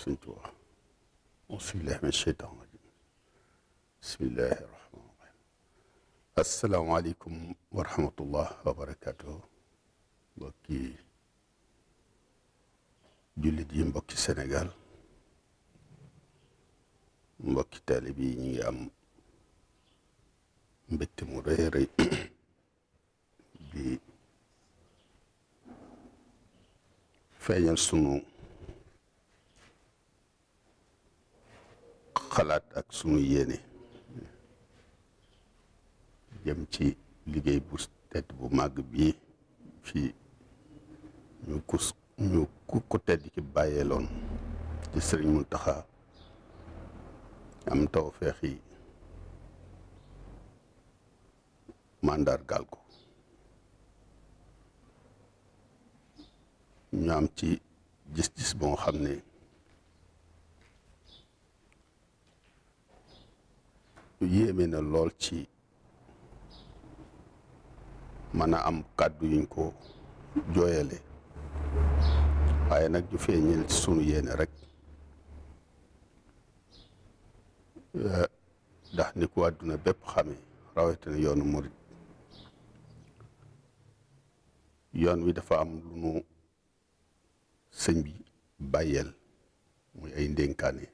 sëñ Tuubaa auzubilaahi mina sheytaani rajiim bismillaahi rahmaani rahiim asalaamaaleykum wa rahmatullah wa barakaatu mbokki jullit yi mbokki Sénégal mbokki taalib yi ñu ngi am mbégte mu rëy a rëy di feeñal sunu xalaat ak sunu yéene jëm ci liggéey bu tedd bu màgg bi fi ñu kus ñu ku ko tedd ci bàyyeeloon Muntaxa am tawfeex yi màndargal ko ñu am ci gis-gis boo xam ne yéeme na lool ci mën a am kàddu yuñ ko jooyale waaye nag ju feeñal ci sunu yéene rek eh, ndax ni ko àdduna bépp xamee rawatina yoonu murit yoon wi dafa am lu nu sëñ bi bàyyeel muy ay ndénkaane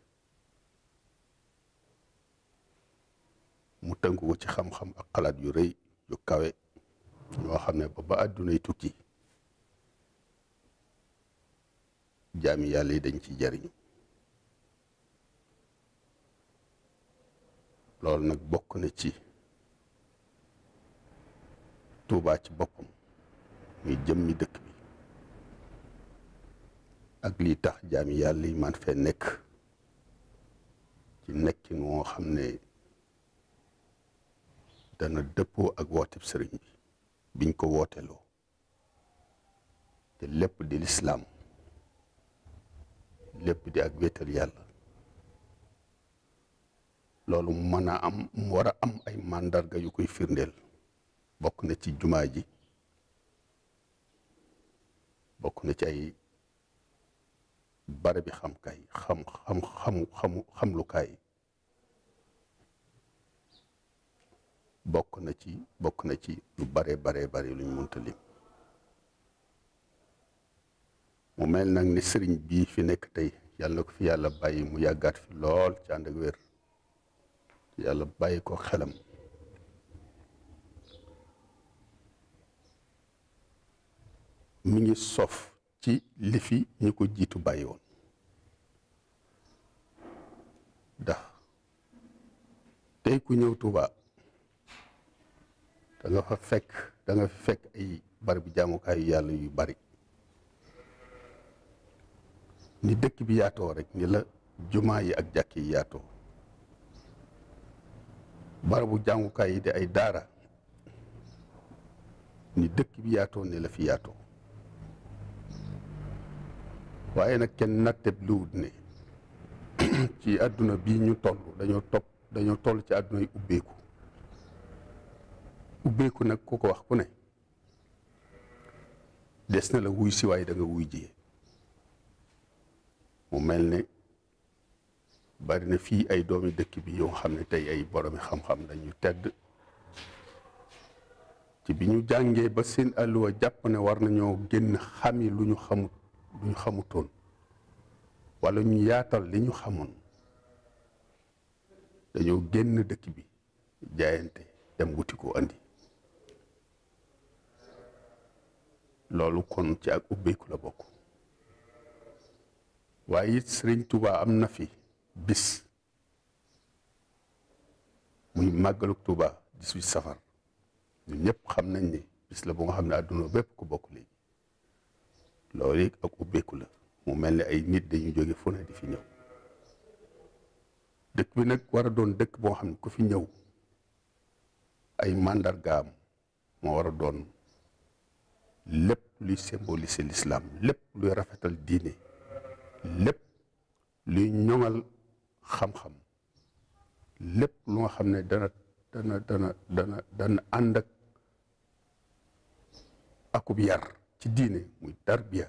mu tënk ko ci xam-xam ak xalaat yu rëy yu kawe yoo xam ne ba ba àddunay tukki jaami yàlla yi dañ ci jariñ loolu nag bokk na ci tuubaa ci boppam muy jëmmi dëkk bi ak lii tax jaami yàlla yi man fee nekk ci nekkin woo xam ne dana dëppoo ak wooteb sëriñ bi biñ ko wooteloo te lépp di lislaam lépp di ak wéetal yàlla loolu mën a am mu war a am ay màndarga yu koy firndeel bokk na ci jumaa ji bokk na ci ay barabi xam kay xam xam xam xamu xamlukaay bokk na ci bokk na ci lu bare bare bare luñ munta lim mu mel nag ni sëriñ bii fi nekk tey yàlla na ko fi yàlla bàyyi mu yàggat fi lool ci ànd yàlla bàyyi ko xelam mu ngi sof ci li fi ñu ko jiitu bàyyi woon ndax tey ku ñëw Tuubaa da nga fa fekk da fa fekk ay barabu jaamukaayu yàlla yu bari ni dëkk bi yaatoo rek ni la jumaa yi ak jàkk yi yaatoo barabu jàngukaay yi di ay daara ni dëkk bi yaatoo ni la fi yaatoo waaye nag kenn natteb liwut ne ci àdduna bi ñu toll dañoo topp dañoo toll ci àdduna yu ubbeeku ubbeeku nag ku ko wax ku ne des na la wuy si waaye da wuy ji mu mel ni bari na fii ay doomi dëkk bi yoo xam ne tey ay boromi xam-xam dañu tedd ci bi ñu jàngee ba seen àlluwa jàpp ne war nañoo génn xami lu ñu xamut lu ñu xamutoon wala ñu yaatal li ñu xamoon dañoo génn dëkk bi jaayante dem wuti ko andi loolu kon ci ak ubbeeku la bokk waaye it sëriñ tubaa am na fi bis muy màggalu Touba su safar ñu ñëpp xam nañ ni bis la bu xam ne àdduna bépp ku bokk léegi loolu it ak ubbeeku la mu mel ni ay nit dañu jóge fu ne di fi ñëw dëkk bi nag war a doon dëkk boo xam ne ku fi ñëw ay màndargaam moo war a doon lépp luy symboliser l'islam lépp luy rafetal diine lépp luy ñoŋal xam-xam lépp lu nga xam ne dana dana dana dana akub yar ci diine muy tarbiya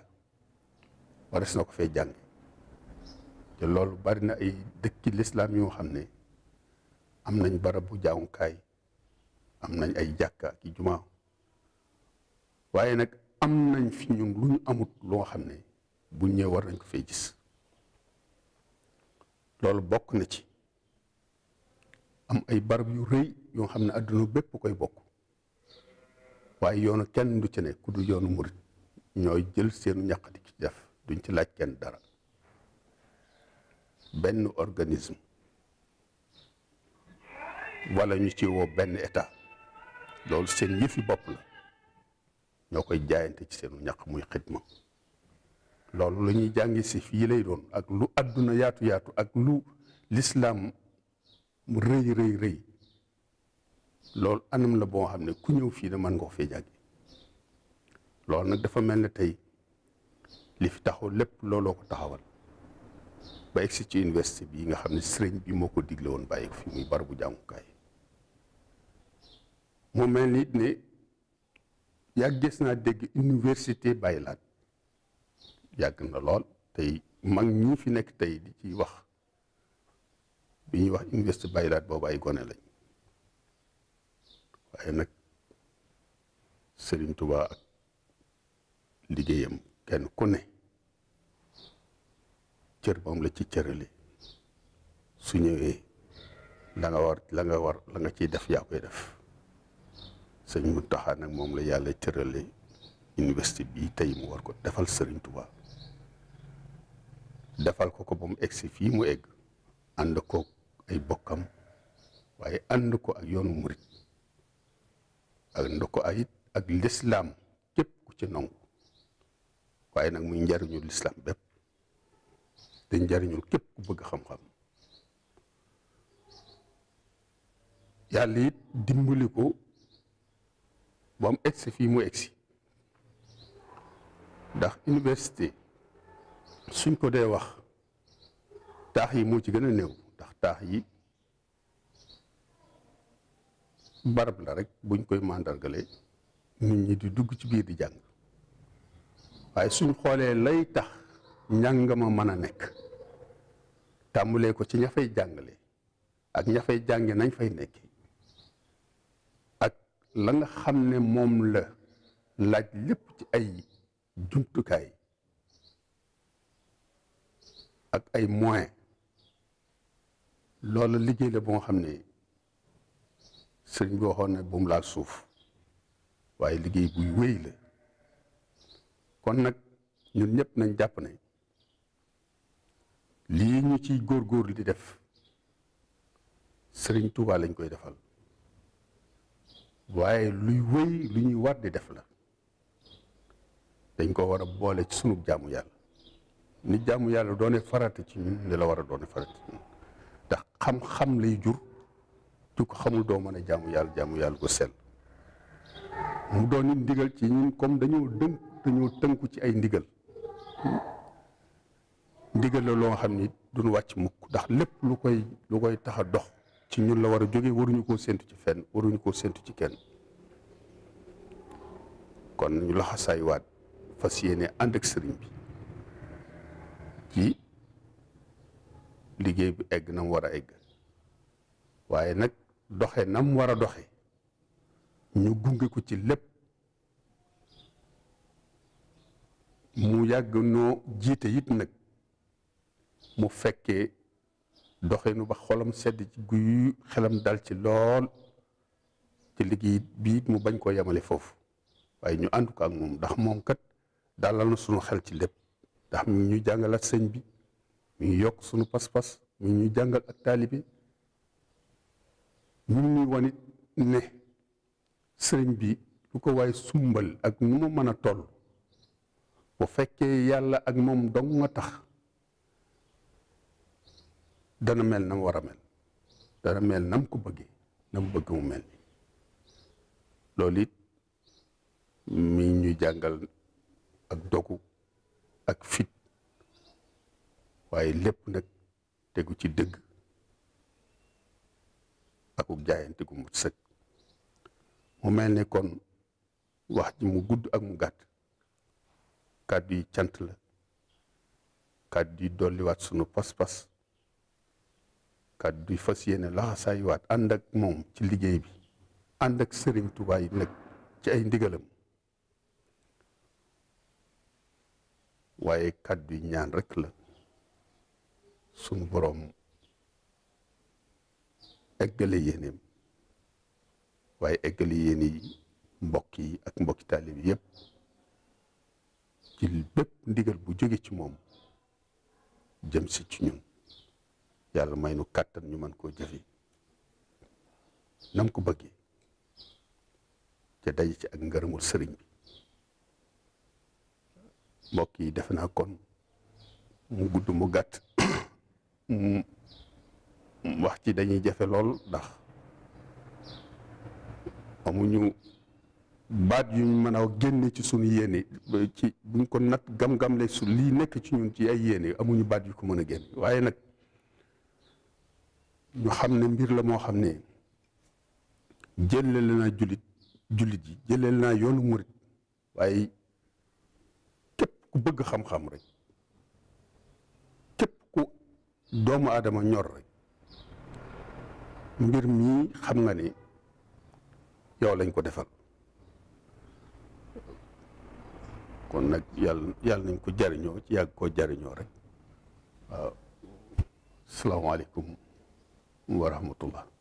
wares na ko fee jàng te loolu bari na ay dëkki lislaam yoo xam ne am nañ barab bu jaamukaay am nañ ay jàkka ak jumaa waaye nag am nañ fi ñun lu ñu amut lu nga xam ne bu ñëw war nañ ko fay gis loolu bokk na ci am ay barab yu rëy yoo xam ne àdduna bépp koy bokk waaye yoonu kenn du ci ne ku du yoonu murit ñooy jël seen ñaq ci def duñ ci laaj kenn dara benn organisme wala ñu ci woo benn état loolu seen yëfi bopp la ñoo koy jaayante ci seenu ñaq muy xidma loolu la ñuy jàngi si fii lay doon ak lu àdduna yaatu yaatu ak lu lislaam mu rëy rëy rëy loolu anam la boo xam ne ku ñëw fii de man nga ko fee jàngi loolu nag dafa mel ne tey li fi taxaw lépp looloo ko taxawal ba egsi ci université bi nga xam ne sëriñ bi moo ko digle woon bàyyi ko fi muy barabu jàngukaay mu mel ni ne yàgg gis naa dégg université bàyyi laat yàgg na lool tey mag ñi fi nekk tey di ciy wax bi ñuy wax université bàyyi laat boobu ay gone lañ waaye nag sëriñ Touba ak liggéeyam kenn ku ne cër moom la ci cërale su ñëwee la nga war la nga ciy def yaa koy def sëñ Muntaxa nag moom la yàlla tërale université bi tey mu war ko defal sëriñ Tuubaa defal ko ko ba mu si fii mu egg ànd ko ay bokkam waaye ànd ko ak yoonu murit ànd ko ay ak lislaam képp ku ci nangu waaye nag mu njariñu lislaam bépp te njariñul képp ku bëgg xam-xam yàlla it dimbali ko ba mu egsi fii mu egsi ndax université suñ ko dee wax taax yi moo ci gën a néew ndax taax yi barab la rek buñ koy màndargale nit ñi di dugg ci biir di jàng waaye suñ xoolee lay tax njàngama mën a nekk tàmbulee ko ci ña fay jàngale ak ña fay jànge nañ fay nekkee la nga xam ne moom la laaj lépp ci ay jumtukaay ak ay moyen loolu liggéey la bu nga xam ne sëriñ bi waxoon ne bu mu laal suuf waaye liggéey buy wéy la kon nag ñun ñëpp nañ jàpp ne lii ñu ciy góor góorgóorlu di def sëriñ Tuubaa lañ koy defal waaye luy wéy lu ñuy war di def la dañ ko war a boole ci sunu jaamu yàlla ni jaamu yàlla doone farata ci ñun ni la war a doone farata ci ñun ndax xam-xam lay jur ju ko xamul doo mën a jaamu yàlla jaamu yàlla ko sell mu doon it ndigal ci ñun comme dañoo dënk dañoo tënku ci ay ndigal ndigal la loo xam ni duñ wàcc mukk ndax lépp lu koy lu koy tax a dox ci ñun la war a jóge waruñu koo séntu ci fenn waruñu koo séntu ci kenn kon ñu laxasaay waat fas yéene ànd ak sëriñ bi ci liggéey bi egg na mu war a egg waaye nag doxe na mu war a doxe ñu gunge ko ci lépp mu yàgg ñoo jiite it nag mu fekkee doxinu ba xolam sedd ci guy xelam dal ci lool ci liggéey biit mu bañ koo yamale foofu waaye ñu ànd ko ak moom ndax moom kat dalal na sunu xel ci lépp ndax mi ñu jàngal ak sëñ bi mi yokk sunu pas-pas mi ñu jàngal ak taalibe ñu ngi wan it ne sëriñ bi lu ko waaye sumbal ak nu mu mën a toll bu fekkee yàlla ak moom dong nga tax dana mel na mu war dana mel na mu ko bëggee na mu bëgg mu mel loolu it mi ñu jàngal ak dogu ak fit waaye lépp nag tegu ci dëgg akuk jaayante gu mut mu mel ni kon wax ji mu gudd ak mu gàtt kàddu yi cant la kàddu yi dolliwaat sunu pas-pas kàddu fas yéene laxasaayuwaat ànd ak moom ci liggéey bi ànd ak sëriñ nag ci ay ndigalam waaye kàddu yi ñaan rekk la sunu boroom eggale yéeneem waaye eggale yéene yi ak mbokki taalib yi yépp ci bépp bu jóge ci moom jëm si ci ñun yàlla may nu kàttan ñu mën koo jëfi nam ko bëggee te daje ci ak ngërëmul sëriñ bi mbokk yi defe naa kon mu gudd mu gàtt wax ci dañuy jafe lool ndax amuñu baat yuñ mën a génne ci suñu yéene ci buñ ko nat gam-gam le su lii nekk ci ñun ci ay yéene amuñu baat yu ko mën a génne waaye nag ñu xam ne mbir la moo xam ne jëleel naa jullit jullit yi jëleel naa yoonu murit waaye képp ku bëgg xam-xam rek képp ku doomu aadama ñor rek mbir mii xam nga ni yow lañ ko defal kon nag yàlla yàlla nañ ko jariñoo ci yàgg koo jariñoo rek waaw salaamaaleykum wa rahmatullah